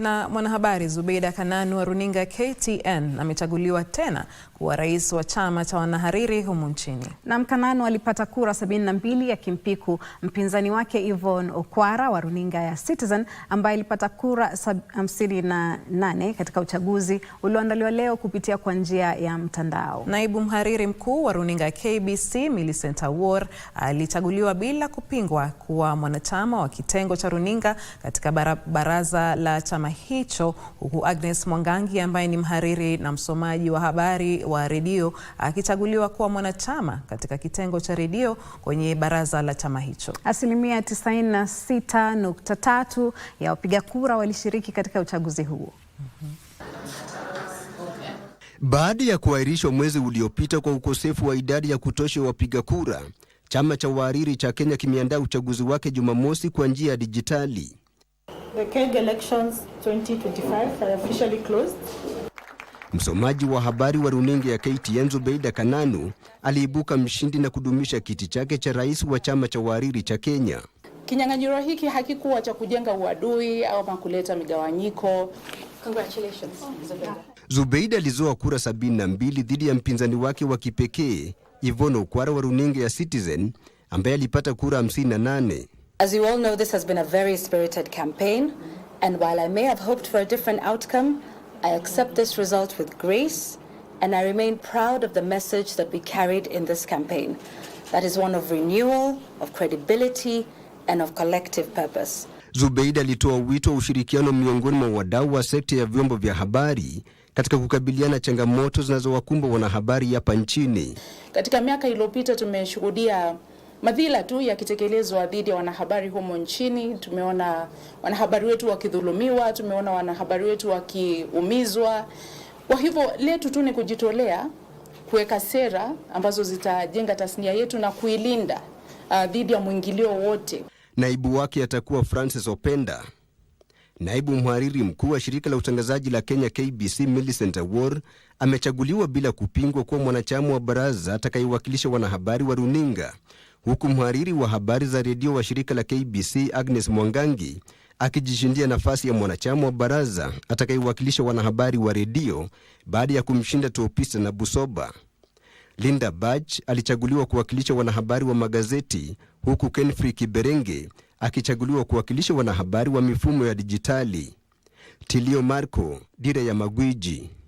Na mwanahabari Zubeida Kananu wa runinga KTN amechaguliwa tena kuwa rais wa chama cha wanahariri humu nchini. Naam, Kananu alipata kura 72 akimpiku mpinzani wake Yvonne Okwara wa runinga ya Citizen ambaye alipata kura 58 katika uchaguzi ulioandaliwa leo kupitia kwa njia ya mtandao. Naibu mhariri mkuu wa runinga KBC Millicent Awuor alichaguliwa bila kupingwa kuwa mwanachama wa kitengo cha runinga katika baraza la chama hicho, huku Agnes Mwangangi ambaye ni mhariri na msomaji wa habari wa redio akichaguliwa kuwa mwanachama katika kitengo cha redio kwenye baraza la chama hicho. Asilimia 96.3 ya wapiga kura walishiriki katika uchaguzi huo. Baada ya kuahirishwa mwezi uliopita kwa ukosefu wa idadi ya kutosha wapiga kura, chama cha wahariri cha Kenya kimeandaa uchaguzi wake Jumamosi kwa njia ya dijitali. The KEG elections 2025 are officially closed. Msomaji wa habari wa runinga ya KTN Zubeida Kananu aliibuka mshindi na kudumisha kiti chake cha rais wa chama cha uhariri cha Kenya. Kinyang'anyiro hiki hakikuwa cha kujenga uadui au kuleta migawanyiko. Congratulations, Zubeida. Zubeida alizoa kura 72 dhidi ya mpinzani wake wa kipekee Yvonne Okwara wa runinga ya Citizen ambaye alipata kura 58. As you all know, this has been a very spirited campaign, and while I may have hoped for a different outcome, I accept this result with grace, and I remain proud of the message that we carried in this campaign. That is one of renewal, of credibility, and of collective purpose. Zubeida alitoa wito wa ushirikiano miongoni mwa wadau wa sekta ya vyombo vya habari katika kukabiliana changamoto zinazowakumba wanahabari hapa nchini. Katika miaka iliyopita tumeshuhudia madhila tu yakitekelezwa dhidi ya wanahabari humo nchini. Tumeona wanahabari wetu wakidhulumiwa, tumeona wanahabari wetu wakiumizwa. Kwa hivyo letu tu ni kujitolea kuweka sera ambazo zitajenga tasnia yetu na kuilinda uh, dhidi ya mwingilio wote. Naibu wake atakuwa Francis Openda. Naibu mhariri mkuu wa shirika la utangazaji la Kenya KBC Millicent Awor amechaguliwa bila kupingwa kuwa mwanachama wa baraza atakayewakilisha wanahabari wa runinga huku mhariri wa habari za redio wa shirika la KBC Agnes Mwangangi akijishindia nafasi ya mwanachama wa baraza atakayewakilisha wanahabari wa redio baada ya kumshinda Topista na Busoba. Linda Bach alichaguliwa kuwakilisha wanahabari wa magazeti huku Kenfrey Kiberenge akichaguliwa kuwakilisha wanahabari wa mifumo ya dijitali. Tilio Marco, Dira ya Magwiji.